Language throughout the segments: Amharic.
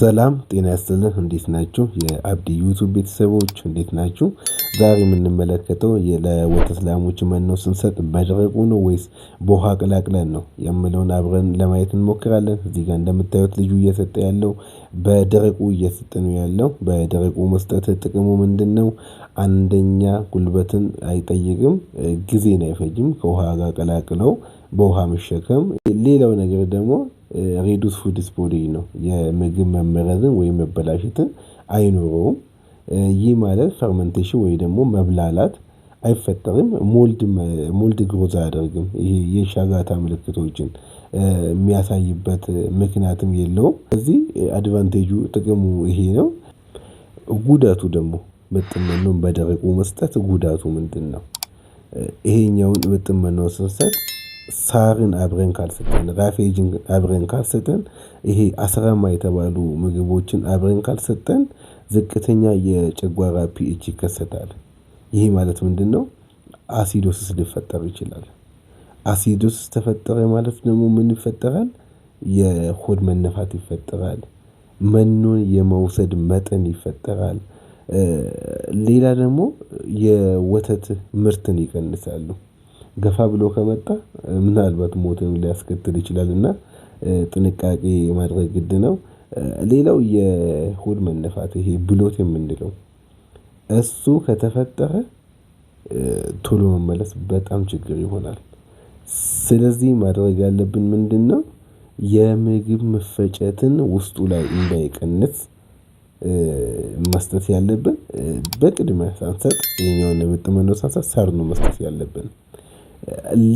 ሰላም ጤና ያስጥልን። እንዴት ናችሁ? የአብዲ ዩቱብ ቤተሰቦች እንዴት ናችሁ? ዛሬ የምንመለከተው ለወተት ላሞች መኖ ስንሰጥ በደረቁ ነው ወይስ በውሃ ቀላቅለን ነው የምለውን አብረን ለማየት እንሞክራለን። እዚህ ጋር እንደምታዩት ልጁ እየሰጠ ያለው በደረቁ እየሰጠ ነው ያለው። በደረቁ መስጠት ጥቅሙ ምንድን ነው? አንደኛ ጉልበትን አይጠይቅም፣ ጊዜን አይፈጅም። ከውሃ ጋር ቀላቅለው በውሃ መሸከም። ሌላው ነገር ደግሞ ሬዱስ ፉድ ስፖዴጅ ነው። የምግብ መመረዝን ወይም መበላሸትን አይኖረውም። ይህ ማለት ፈርመንቴሽን ወይ ደግሞ መብላላት አይፈጠርም ሞልድ ግሮዝ አያደርግም ይሄ የሻጋታ ምልክቶችን የሚያሳይበት ምክንያትም የለውም። እዚህ አድቫንቴጁ ጥቅሙ ይሄ ነው። ጉዳቱ ደግሞ ምጥን መኖን በደረቁ መስጠት ጉዳቱ ምንድነው? ይሄኛውን ምጥን መኖ ስንሰጥ ሳርን አብረን ካልሰጠን ራፌጅን አብረን ካልሰጠን ይሄ አስራማ የተባሉ ምግቦችን አብረን ካልሰጠን ዝቅተኛ የጨጓራ ፒኤች ይከሰታል። ይሄ ማለት ምንድነው? አሲዶስስ ሊፈጠር ይችላል። አሲዶስስ ተፈጠረ ማለት ደግሞ ምን ይፈጠራል? የሆድ መነፋት ይፈጠራል። መኖን የመውሰድ መጠን ይፈጠራል። ሌላ ደግሞ የወተት ምርትን ይቀንሳሉ። ገፋ ብሎ ከመጣ ምናልባት ሞትን ሊያስከትል ይችላል እና ጥንቃቄ ማድረግ ግድ ነው ሌላው የሆድ መነፋት ይሄ ብሎት የምንለው እሱ ከተፈጠረ ቶሎ መመለስ በጣም ችግር ይሆናል። ስለዚህ ማድረግ ያለብን ምንድን ነው የምግብ መፈጨትን ውስጡ ላይ እንዳይቀንስ መስጠት ያለብን በቅድመ ሳንሰጥ ይሄኛውን የምጥመነው ሳንሰጥ ሰርኖ መስጠት ያለብን።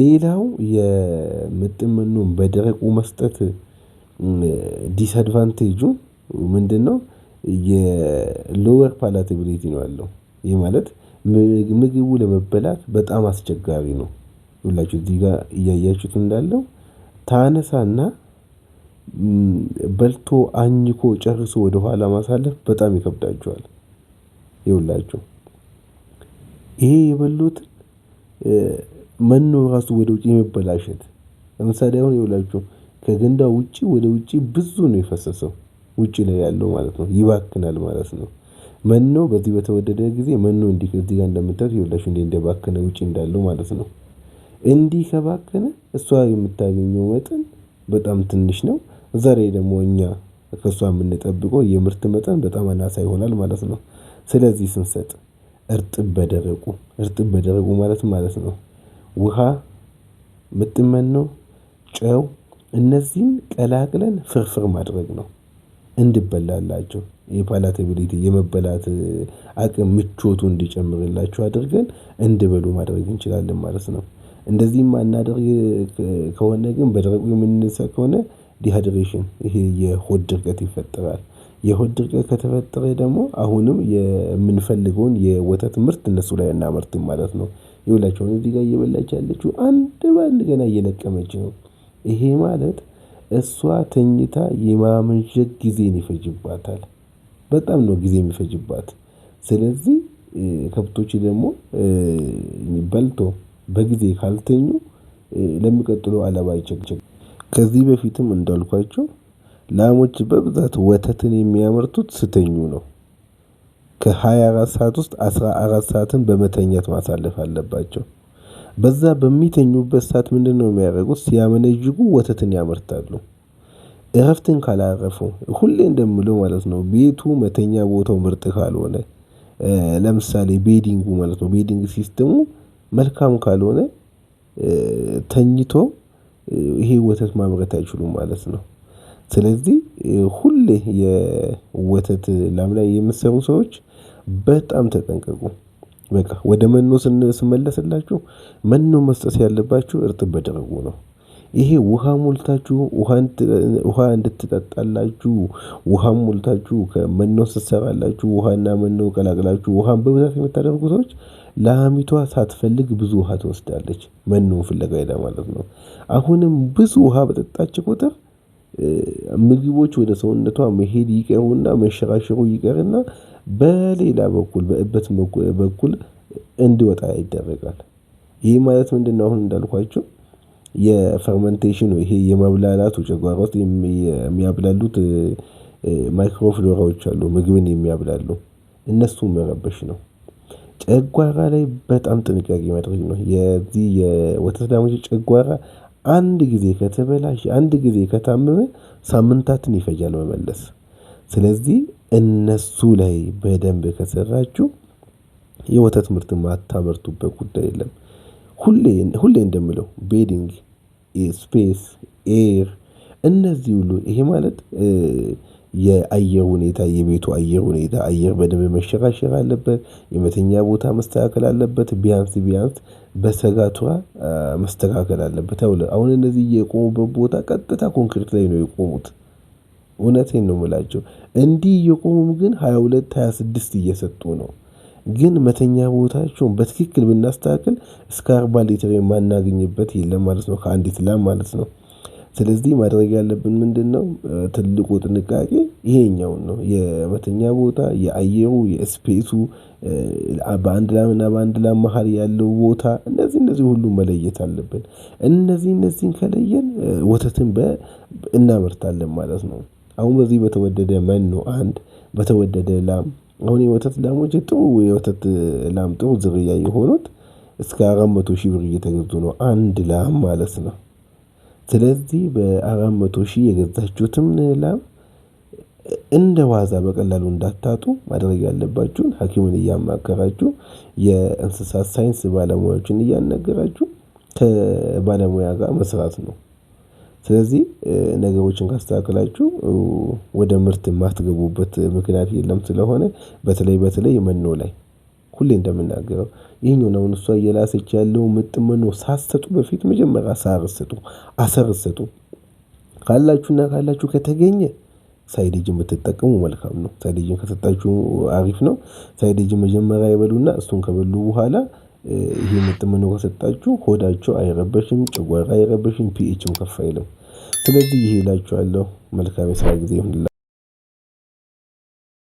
ሌላው የምጥን መኖን በደረቁ መስጠት ዲስአድቫንቴጁ ምንድን ነው? የሎወር ፓላቲቢሊቲ ነው ያለው ይህ ማለት ምግቡ ለመበላት በጣም አስቸጋሪ ነው። ሁላችሁ እዚህ ጋር እያያችሁት እንዳለው ታነሳና በልቶ አኝኮ ጨርሶ ወደኋላ ማሳለፍ በጣም ይከብዳቸዋል። ይኸውላችሁ ይሄ የበሉትን መኖ ራሱ ወደ ውጭ የመበላሸት ለምሳሌ አሁን ይኸውላችሁ ከገንዳ ውጪ ወደ ውጪ ብዙ ነው የፈሰሰው ውጪ ላይ ያለው ማለት ነው ይባክናል ማለት ነው። መኖ በዚህ በተወደደ ጊዜ መኖ እንዲ እዚህ ጋር እንደምታዩት ይኸውላችሁ እንዴት እንደባከነ ውጪ እንዳለው ማለት ነው። እንዲህ ከባከነ እሷ የምታገኘው መጠን በጣም ትንሽ ነው። ዛሬ ደግሞ እኛ ከእሷ የምንጠብቀው የምርት መጠን በጣም አናሳ ይሆናል ማለት ነው። ስለዚህ ስንሰጥ እርጥብ በደረቁ እርጥብ በደረቁ ማለት ማለት ነው። ውሃ ምጥመን መኖ ጨው እነዚህን ቀላቅለን ፍርፍር ማድረግ ነው። እንድበላላቸው የፓላታቢሊቲ የመበላት አቅም ምቾቱ እንዲጨምርላቸው አድርገን እንዲበሉ ማድረግ እንችላለን ማለት ነው። እንደዚህ የማናደርግ ከሆነ ግን በደረቁ የምንነሳ ከሆነ ዲሃድሬሽን ይሄ የሆድ ድርቀት ይፈጠራል። የሆድ ድርቀት ከተፈጠረ ደግሞ አሁንም የምንፈልገውን የወተት ምርት እነሱ ላይ እናመርትም ማለት ነው። ይኸውላችሁ እዚህ ጋር እየበላች ያለችው አንድ በአንድ ገና እየለቀመች ነው ይሄ ማለት እሷ ተኝታ የማመንዠት ጊዜን ይፈጅባታል። በጣም ነው ጊዜ የሚፈጅባት። ስለዚህ ከብቶች ደግሞ በልቶ በጊዜ ካልተኙ ለሚቀጥለው አለባ ይቸግቸግ ከዚህ በፊትም እንዳልኳቸው ላሞች በብዛት ወተትን የሚያመርቱት ስተኙ ነው። ከሃያ ከ24 ሰዓት ውስጥ 14 ሰዓትን በመተኛት ማሳለፍ አለባቸው በዛ በሚተኙበት ሰዓት ምንድን ነው የሚያደርጉት? ሲያመነዥጉ ወተትን ያመርታሉ። እረፍትን ካላረፉ ሁሌ እንደምለው ማለት ነው ቤቱ መተኛ ቦታው ምርጥ ካልሆነ ለምሳሌ ቤዲንጉ ማለት ነው ቤዲንግ ሲስተሙ መልካም ካልሆነ ተኝቶ ይሄ ወተት ማምረት አይችሉም ማለት ነው። ስለዚህ ሁሌ የወተት ላም ላይ የምትሰሩ ሰዎች በጣም ተጠንቀቁ በቃ ወደ መኖ ስመለስላችሁ መኖ መስጠት ያለባችሁ እርጥብ በደረጉ ነው። ይሄ ውሃ ሞልታችሁ ውሃ እንድትጠጣላችሁ ውሃ ሞልታችሁ ከመኖ ስትሰራላችሁ ውሃና መኖ ቀላቅላችሁ ውሃን በብዛት የምታደርጉ ሰዎች ለአሚቷ ሳትፈልግ ብዙ ውሃ ትወስዳለች መኖ ፍለጋ ሄዳ ማለት ነው። አሁንም ብዙ ውሃ በጠጣች ቁጥር ምግቦች ወደ ሰውነቷ መሄድ ይቀሩና መሸራሸሩ ይቀርና በሌላ በኩል በእበት በኩል እንዲወጣ ይደረጋል። ይህ ማለት ምንድነው? አሁን እንዳልኳቸው የፈርመንቴሽን ይሄ የማብላላቱ ጨጓራ ውስጥ የሚያብላሉት ማይክሮፍሎራዎች አሉ ምግብን የሚያብላሉ እነሱ መረበሽ ነው። ጨጓራ ላይ በጣም ጥንቃቄ ማድረግ ነው። የዚህ የወተት ላሞች ጨጓራ አንድ ጊዜ ከተበላሸ አንድ ጊዜ ከታመመ ሳምንታትን ይፈጃል መመለስ። ስለዚህ እነሱ ላይ በደንብ ከሰራችሁ የወተት ምርት ማታመርቱበት ጉዳይ የለም። ሁሌ ሁሌ እንደምለው ቤዲንግ፣ ስፔስ፣ ኤር እነዚህ ሁሉ ይሄ ማለት የአየር ሁኔታ የቤቱ አየር ሁኔታ አየር በደንብ መሸራሸር አለበት የመተኛ ቦታ መስተካከል አለበት ቢያንስ ቢያንስ በሰጋቱራ መስተካከል አለበት አሁን እነዚህ የቆሙበት ቦታ ቀጥታ ኮንክሪት ላይ ነው የቆሙት። እውነቴን ነው የምላቸው እንዲህ እየቆሙም ግን ሃያ ሁለት ሃያ ስድስት እየሰጡ ነው። ግን መተኛ ቦታቸውን በትክክል ብናስተካክል እስከ አርባ ሊትር የማናገኝበት የለም ማለት ነው። ከአንዲት ላም ማለት ነው ስለዚህ ማድረግ ያለብን ምንድነው? ትልቁ ጥንቃቄ ይሄኛውን ነው የመተኛ ቦታ የአየሩ የስፔሱ በአንድ ላምና በአንድ ላም መሃል ያለው ቦታ እነዚህ እነዚህ ሁሉ መለየት አለብን እነዚህ እነዚህን ከለየን ወተትን እናመርታለን ማለት ነው። አሁን በዚህ በተወደደ መኖ አንድ በተወደደ ላም አሁን የወተት ላሞች ጥሩ የወተት ላም ጥሩ ዝርያ የሆኑት እስከ አራት መቶ ሺህ ብር እየተገዙ ነው አንድ ላም ማለት ነው ስለዚህ በአራት መቶ ሺህ የገዛችሁትም ላም እንደ ዋዛ በቀላሉ እንዳታጡ ማድረግ ያለባችሁን ሐኪምን እያማከራችሁ የእንስሳት ሳይንስ ባለሙያዎችን እያናገራችሁ ከባለሙያ ጋር መስራት ነው። ስለዚህ ነገሮችን ካስተካከላችሁ ወደ ምርት የማትገቡበት ምክንያት የለም። ስለሆነ በተለይ በተለይ መኖ ላይ ሁሌ እንደምናገረው ይህኛው ነው። እሷ እየላሰች ያለው ምጥመኖ ነው። ሳትሰጡ በፊት መጀመሪያ አሳር ስጡ፣ ካላችሁና ካላችሁ ከተገኘ ሳይዴጅን ብትጠቀሙ መልካም ነው። ሳይዴጅን ከሰጣችሁ አሪፍ ነው። ሳይዴጅን መጀመሪያ ይበሉና እሱን ከበሉ በኋላ ይሄ ምጥምኖ ከሰጣችሁ ሆዳቸው አይረበሽም፣ ጭጓራ አይረበሽም፣ ፒኤችም ከፍ አይልም። ስለዚህ ይሄ መልካም የስራ ጊዜ ይሁንላ